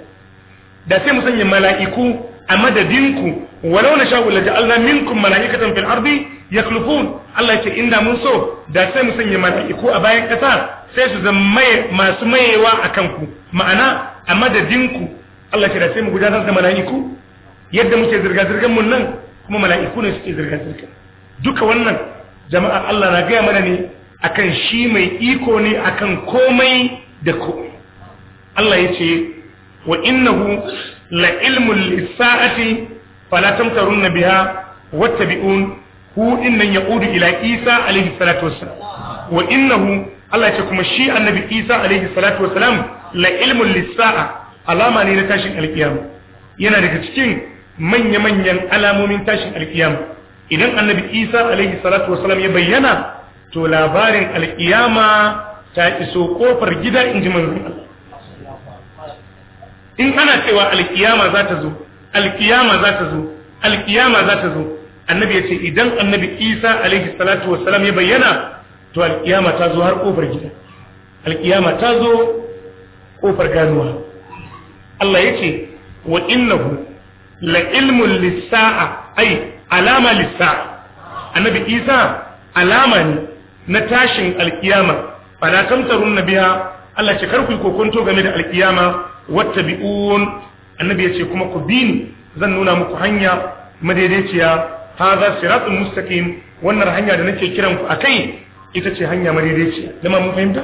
da sai mu sanya mala'iku a madadinku walau na sha'u lati Allah minkum mala'ikatan fil ardi yakhlufun Allah ce inda mun so da sai mu sanya mala'iku a bayan ƙasa sai su zama masu mayewa a kanku ma'ana a madadinku Allah ce da sai mu gudanar da mala'iku yadda muke zirga zirgan mun nan kuma mala'iku ne suke zirga zirga duka wannan jama'a Allah na gaya mana ne akan shi mai iko ne akan komai da komai Allah ya ce wa innahu la ilmul lisa'ati fala biya wata bi'un hu innan ya'udu ila Isa alaihi salatu wassalam wa innahu Allah ya ce kuma shi annabi Isa alaihi salatu wassalam la ilmul lisa'a alama ne na tashin alkiyama yana daga cikin manya-manyan alamomin tashin alkiyama idan annabi Isa alaihi salatu wassalam ya bayyana to labarin alkiyama ta iso kofar gida in ji manzon in ana cewa alkiyama za ta zo alkiyama za ta zo alkiyama za ta zo annabi ya ce idan annabi isa alaihi salatu wassalam ya bayyana to alkiyama ta zo har kofar gida alkiyama ta zo kofar ganuwa Allah ya ce wa innahu la ilmun lissa'a ai alama lissa'a annabi isa alama ne na tashin alkiyama fala tamtarun biya. Allah ce karku kokonto game da alkiyama wattabi'un annabi yace kuma ku bini zan nuna muku hanya madaidaiciya hadha siratun mustaqim wannan hanya da nake kiran ku akai ita ce hanya madaidaiciya dama mun fahimta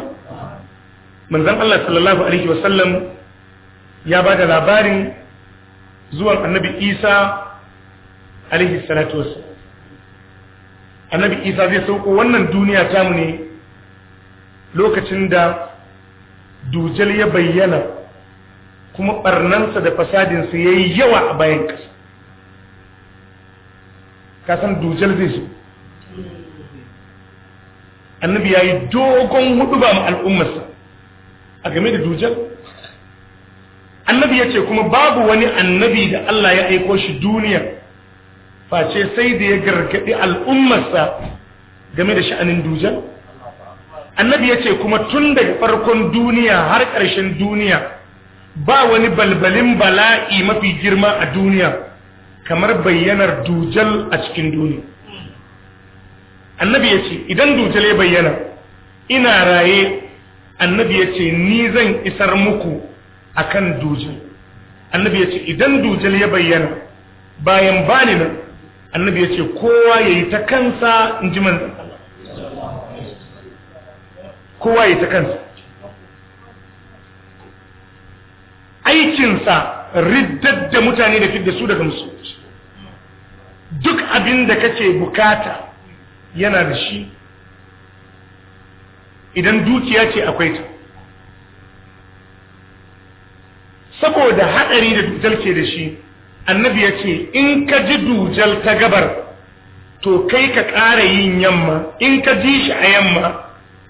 manzon Allah sallallahu alaihi wasallam ya bada labarin zuwan annabi Isa alaihi salatu wasallam annabi isa zai sauko wannan duniya tamu ne lokacin da dujal ya bayyana kuma barnansa da fasadinsa ya yi yawa a bayan ƙasa kasan dujal zai zo annabi ya yi dogon hudu ba mu al'ummarsa a game da dujal annabi ya ce kuma babu wani annabi da Allah ya aiko shi duniya face sai da ya gargaɗi al'ummarsa game da sha'anin dujan annabi ya ce kuma tun daga farkon duniya har ƙarshen duniya ba wani balbalin bala'i mafi girma a duniya kamar bayyanar dujal a cikin duniya annabi ya ce idan dujal ya bayyana ina raye annabi ya ce ni zan isar muku akan dujal annabi ya ce idan dujal ya bayyana bayan bani nan annabi ya ce kowa ya yi ta kansa in ji manzan kowa ya yi ta kansa aikinsa riddar da mutane da fidda su daga musulunci duk abin da kake bukata yana da shi idan dukiya ce akwai ta saboda haɗari da dutar ke da shi annabi ya ce in ka ji dujal ta gabar to kai ka ƙara yin yamma in ka ji shi a yamma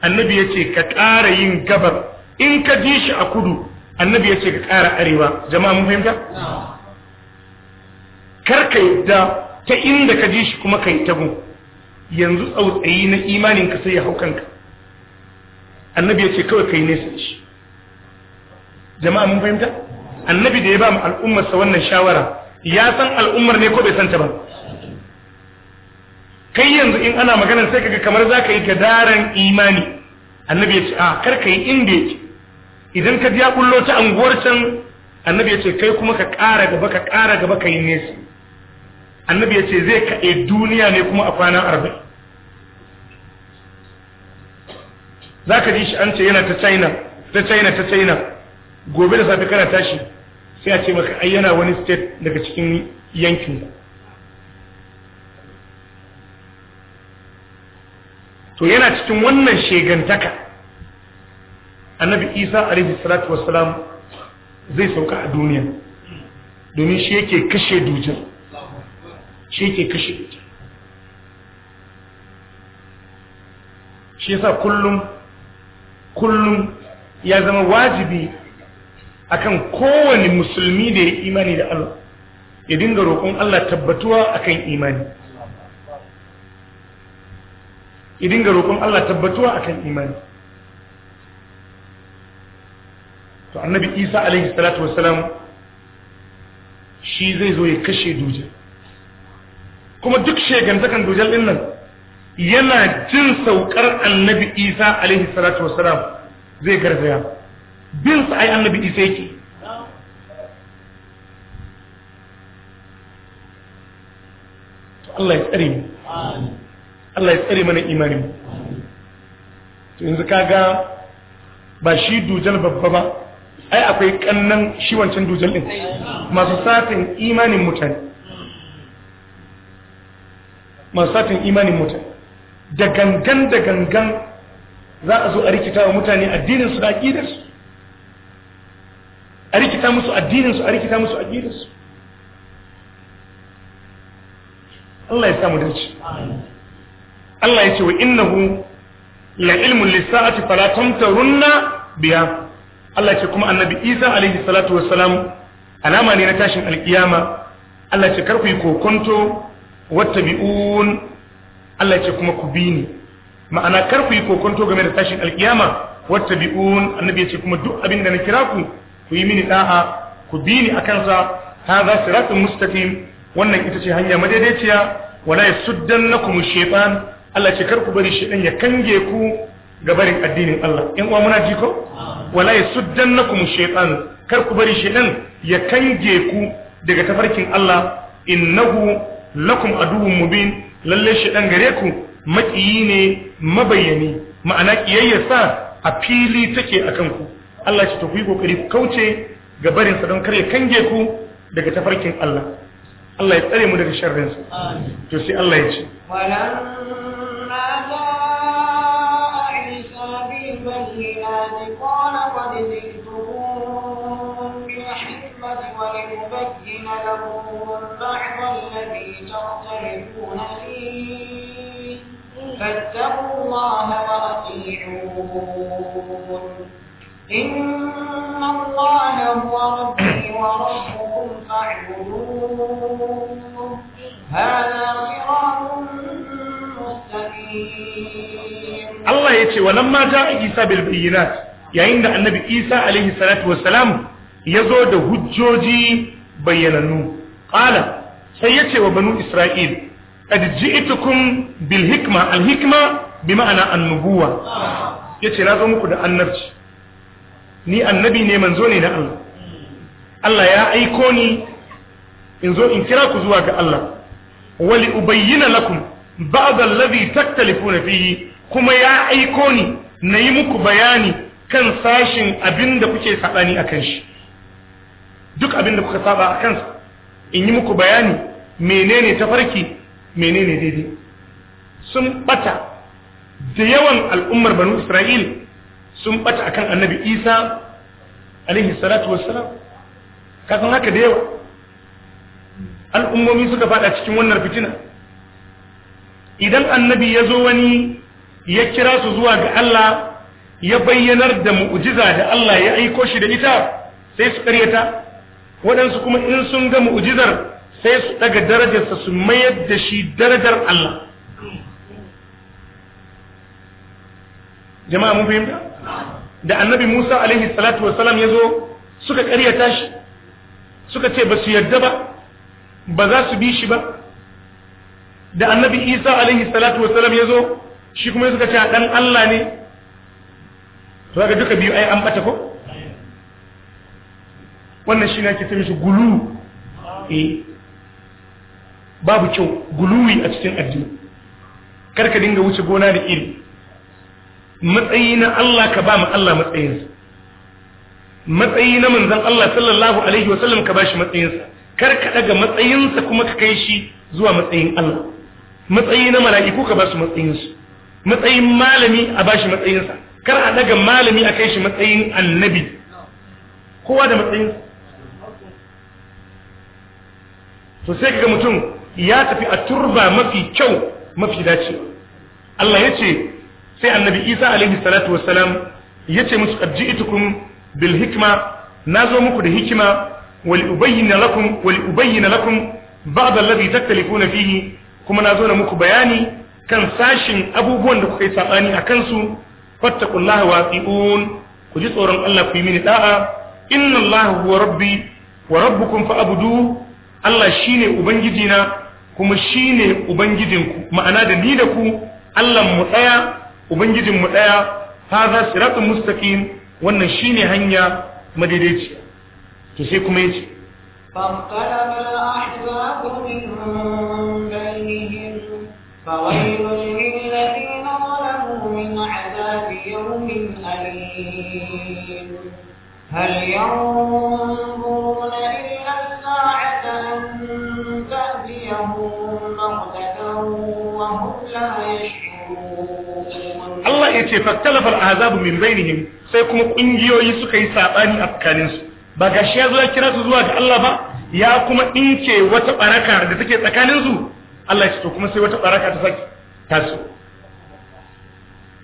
annabi ya ce ka ƙara yin gabar in ka ji shi a kudu annabi ya ce ka ƙara arewa jama'a mun fahimta kar ka yadda ta inda ka ji shi kuma ka yi tagun yanzu tsautsayi na imanin ka sai ya hau kanka annabi ya ce kawai ka yi nesa shi jama'a mun fahimta annabi da ya ba mu al'ummarsa wannan shawara ya san al'ummar ne ko bai san ta ba kai yanzu in ana maganar sai kaga kamar za ka yi gadaran imani annabi ya ce a ah, kar ka yi inda yake idan ka ji ya bullo ta anguwar can annabi ya ce kai kuma ka ƙara gaba ka ƙara gaba ka yi nesa annabi ya ce zai kaɗe duniya ne kuma a kwanan arba'in za ka ji shi an ce yana ta china ta china ta china gobe da safe kana tashi sai a ce maka ai yana wani state daga cikin yankin to yana cikin wannan shegantaka annabi isa alaihi salatu wassalam zai sauka a duniya domin shi yake kashe dujin shi yake kashe dujin shi yasa kullum kullum ya zama wajibi akan kowane musulmi da ya imani da Allah ya dinga roƙon Allah tabbatuwa akan imani ya dinga roƙon Allah tabbatuwa akan imani to annabi Isa alaihi salatu wassalam shi zai zo ya kashe dujal kuma duk shegantakan dujal din nan yana jin saukar annabi Isa alaihi salatu wassalam zai garzaya bin su ay annabi isa yake Allah ya tsare mu Allah ya tsare mana imanin to yanzu kaga ba shi dujal babba ba ai akwai kannan shi wancan dujal din masu satin imanin mutane masu satin imanin mutane da gangan da gangan za a zo a rikita wa mutane addinin su da su a rikita musu addininsu a rikita musu addininsu Allah ya samu dace Allah ya ce wa innahu la ilmun lisa'ati fala tamtarunna biya Allah ya ce kuma annabi Isa alaihi salatu wassalam alama ne na tashin alkiyama Allah ya ce karku yi kokonto wattabi'un Allah ya ce kuma ku bi ni ma'ana karku yi kokonto game da tashin alkiyama wattabi'un annabi ya ce kuma duk abin da na kira ku ku yi mini da'a ku bi ni ha za su rafin mustafin wannan ita ce hanya madaidaiciya wala kuma shaytan Allah ce kar ku bari shaytan ya kange ku ga barin addinin Allah in uwa muna ji ko wala na kuma kar ku bari shaytan ya kange ku daga tafarkin Allah innahu lakum aduwwun mubin lalle shaytan gare ku maƙiyi ne mabayyani ma'ana sa a fili take akan ku Allah ya ce to kokari ku kauce ga barin sa don kare kange ku daga tafarkin Allah Allah ya tsare mu daga sharrin sa to sai Allah ya ce فاتقوا الله وأطيعون إن الله هو ربي وربكم فاعبدوه هذا صراط مستقيم الله يتي ولما جاء عيسى بالبينات yayin da annabi isa alaihi salatu wassalam ya zo da hujjoji bayyanannu ƙala sai ya ce wa banu isra'il qad ji'tukum bil hikma al hikma bi ma'ana annubuwa yace na zo muku da annabci ni annabi ne manzo ne na Allah Allah ya aiko ni in zo in kira ku zuwa ga Allah wali ubayyana lakum ba'd allazi taktalifuna fihi kuma ya aiko ni nayi muku bayani kan sashin abinda kuke sabani akan shi duk abinda kuka saba akan sa in yi muku bayani menene tafarki menene daidai sun bata da yawan al'ummar banu Isra'il sun bata akan annabi isa alaihi salatu wassalam kasan haka da yawa al'ummomi suka faɗa cikin wannan fitina idan annabi ya zo wani ya kira su zuwa ga Allah ya bayyanar da mu'ujiza da Allah ya aiko shi da ita sai su karyata waɗansu kuma in sun ga mu'ujizar sai su daga darajarsa su mayar da shi darajar Allah jama'a mun fahimta da annabi Musa alaihi salatu wassalam ya zo suka karyata shi suka ce ba su yarda ba ba za su bi shi ba da annabi Isa alaihi salatu wassalam ya zo shi kuma suka ce dan Allah ne to ga duka biyu ai an bata ko wannan shi ne ake ce mishi gulu eh babu kyau guluwi a cikin addini karka dinga wuce gona da iri matsayi na Allah ka ba mu Allah matsayinsa matsayi na manzan Allah sallallahu alaihi wasallam ka ba shi matsayinsa kar ka daga matsayinsa kuma ka kai shi zuwa matsayin Allah matsayi na mala'iku ka ba su matsayinsu matsayin malami a ba shi matsayinsa kar a daga malami a kai shi matsayin annabi kowa da matsayinsa to sai kaga mutum ya tafi a turba mafi kyau mafi dacewa Allah ya ce sai annabi isa alaihi salatu wassalam ya ce musu qad itukun bil na zo muku da hikima wal ubayyana lakum wal ubayyana lakum ba'd alladhi taktalifuna fihi kuma nazo na muku bayani kan sashin abubuwan da kuka yi sabani akan su fattaqullaha wasi'un ku ji tsoron Allah ku yi mini da'a inna allaha huwa rabbi wa rabbukum fa'budu Allah shine ubangijina kuma shine ubangijinku ma'ana da ni da ku Allah mu tsaya ubangijin mu daya hadha siratun mustaqim wannan shine hanya madaidaici to sai kuma yace فانقلب الأحزاب من بينهم فويل للذين ظلموا من عذاب يوم أليم هل ينظرون إلا الساعة أن تأتيهم بغتة وهم لا يشعرون Allah ya ce fattalafal azabu min bainihim sai kuma kungiyoyi suka yi sabani a tsakanin su ba gashi ya zo ya kira su zuwa ga Allah ba ya kuma dinke wata baraka da take tsakanin su Allah ya ce to kuma sai wata baraka ta saki tasu.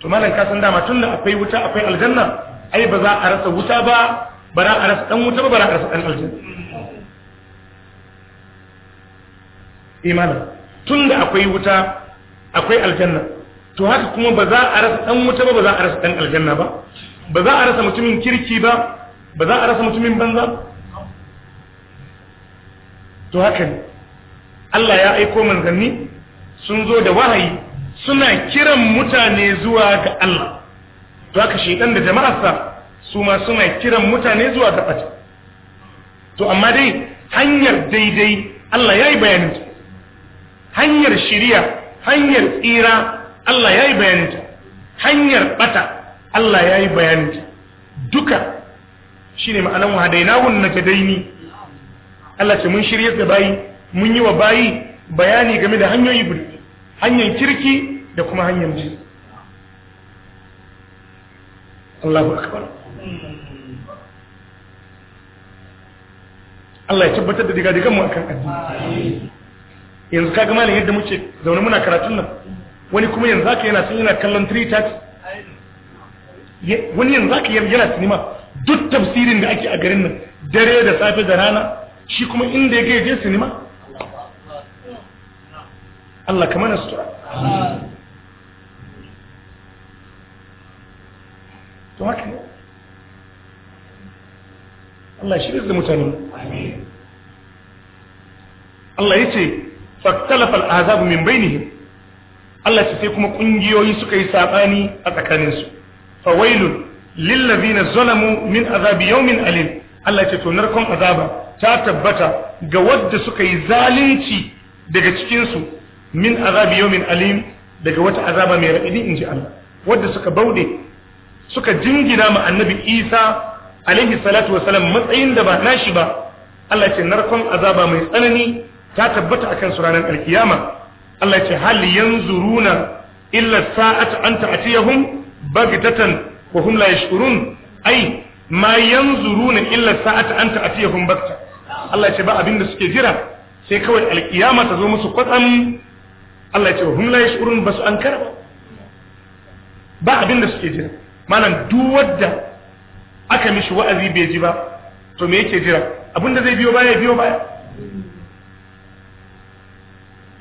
to malam ka san dama tunda akwai wuta akwai aljanna ai ba za a rasa wuta ba ba za a rasa dan wuta ba ba za a rasa dan aljanna imanin eh, tunda akwai wuta akwai aljanna to haka kuma ba za a rasa dan wuta ba ba za a rasa dan aljanna ba ba za a rasa mutumin kirki ba ba za a rasa mutumin banza to haka ne Allah ya aiko manzanni sun zo da wahayi suna kiran mutane zuwa ga Allah to haka shedan da jama'arsa su ma suna kiran mutane zuwa ga fata to amma dai hanyar daidai Allah ya yi bayanin hanyar shiriya hanyar tsira Allah ya yi bayaninta hanyar bata Allah ya yi bayaninta duka shi ne ma'anan wahadainahun na daini Allah ce mun shirya da bayi mun yi wa bayi bayani game da hanyoyi guda hanyar kirki da kuma hanyar ji Allahu akbar Allah ya tabbatar da diga-digan mu akan addini yanzu kaga malam yadda muke zaune muna karatun nan wani kuma yanzu haka yana sun yana kallon 3 tax wani yanzu haka yana sinima duk tafsirin da ake a garin nan dare da safe da rana shi kuma inda ya je sinima Allah kamar na sutura to haka ne Allah shi da mutane Allah ya ce faktalafa al'azabu min bainihim Allah ce sai kuma kungiyoyi suka yi sabani a tsakaninsu fawailun lil ladina zalamu min azabi yawmin alim Allah ce to narkon azaba ta tabbata ga wadda suka yi zalunci daga cikin su min azabi yawmin alim daga wata azaba mai raɗaɗi inji Allah wadda suka bauɗe suka jingina ma annabi Isa alaihi salatu wasalam matsayin da ba nashi ba Allah ce narkon azaba mai tsanani ta tabbata akan su ranar alkiyama Allah ce hal yanzuruna illa sa'ata an ta'tiyahum bagtatan wa hum la yashkurun ai ma yanzuruna illa sa'ata an ta'tiyahum bagta Allah ce ba abin da suke jira sai kawai alkiyama ta zo musu kwatsam Allah ce hum la yashkurun basu an karba ba abin da suke jira malam duk wanda aka mishi wa'azi bai ji ba to me yake jira Abin da zai biyo baya biyo baya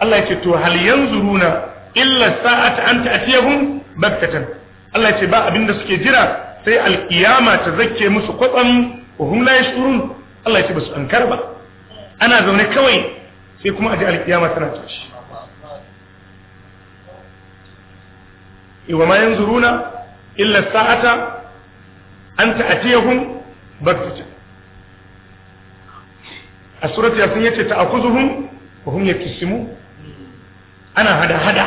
Allah ya ce to hal yanzuruna illa sa'ata an ta'tiyahum baktatan Allah ya ce ba abinda suke jira sai alkiyama ta zakke musu kwatsam wa hum la yashurun Allah ya ce basu ankar ba ana zaune kawai sai kuma aje alkiyama tana tashi eh, wa ma yanzuruna illa sa'ata an ta'tiyahum baktatan a surati yasin yace ta'khuzuhum wa hum yakisimun ana hada-hada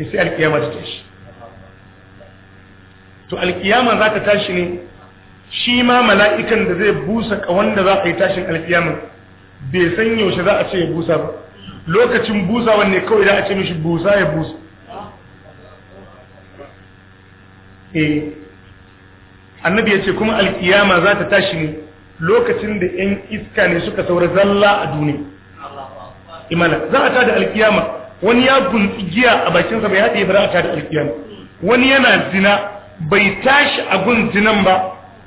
sai alkiyama ta tashi to alkiyama za ta tashi ne shi ma mala'ikan da zai busa ka wanda za a yi tashin alkiyama bai san yaushe za a ce ya busa ba lokacin busa wanne kawai za a ce mishi busa ya busa eh annabi ya ce kuma alkiyama za ta tashi ne lokacin da 'yan iska ne suka saura zalla a duniya imana za a tada alkiyama wani ya gunci giya a bakinsa bai haɗe ba za a tada alkiyama wani yana zina bai tashi a gun zinan ba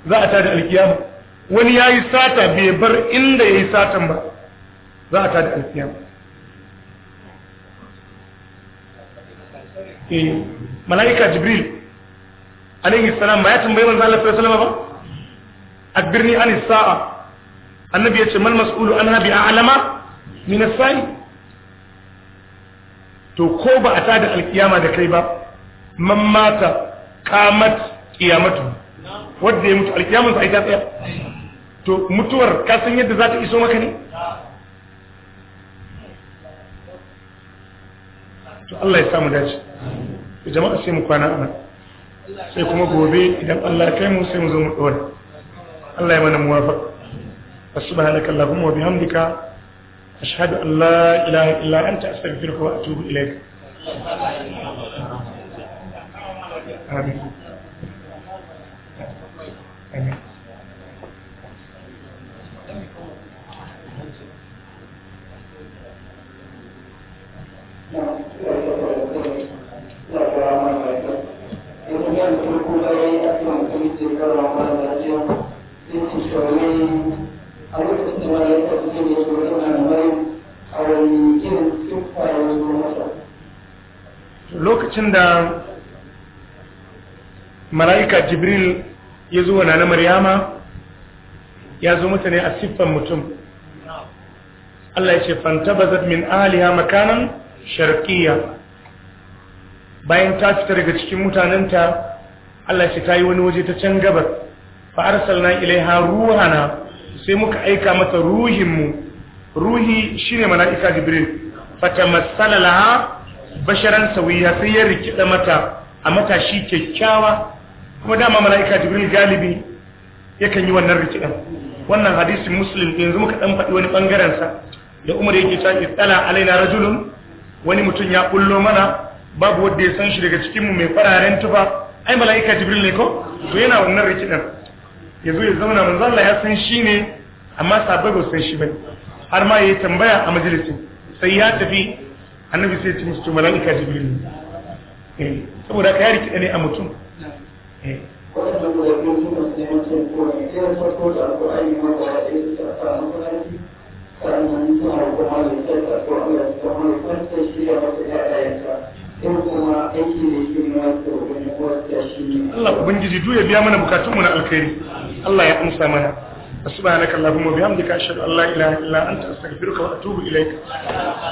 za a tada alkiyama wani ya yi sata bai bar inda ya yi satan ba za a tada alkiyama eh, mala'ika jibril alaihi salam ba ya tambayi manzo Allah sallallahu alaihi wasallam ba akbirni an sa'a annabi yace mal mas'ulu anha bi a'lama min as to ko ba a tada alkiyama da kai ba man mata qamat qiyamatu wanda ya mutu alkiyaman sa ai ta tsaya to mutuwar ka san yadda za ta iso maka ne to Allah ya samu dace to jama'a sai mu kwana ana sai kuma gobe idan Allah ya kai mu sai mu zo mu dora Allah ya mana muwafaqa subhanakallahumma wa bihamdika أشهد أن لا إله إلا أنت أستغفرك وأتوب إليك آمين آمين Thank you. lokacin da mala'ika jibril ya zuwa na na maryama ya zo mutane a siffan mutum Allah ya ce fantabazat min aliha makanan sharqiyya bayan ta fita daga cikin mutanenta Allah ce ta yi wani waje ta can gabar fa ilai ilaiha ruhana sai muka aika mata ruhinmu ruhi shine mala'ika jibril fata laha basharan sauya sai ya rikida mata a matashi kyakkyawa kuma dama mala'ika jibril galibi yakan yi wannan rikidan wannan hadisin muslim yanzu muka dan faɗi wani ɓangarensa. da umar yake ta tsala alaina rajulun wani mutum ya kullo mana babu wanda ya san shi daga cikinmu mai fararen tufa ai mala'ika jibril ne ko to yana wannan rikidan yazo ya zauna manzo Allah ya san shi ne amma sabbai ba san shi bane har ma yayi tambaya a majalisin sai ya tafi annabi sai ya ce musu mala'ika jibril eh, saboda ka yari kida ne a mutum eh. suna da kyauta ko Allah wasu aiki ne ubangiji duk ya biya mana bukatunmu na alkhairi Allah ya amsa mana سبحانك اللهم وبحمدك an ان لا اله الا انت استغفرك واتوب اليك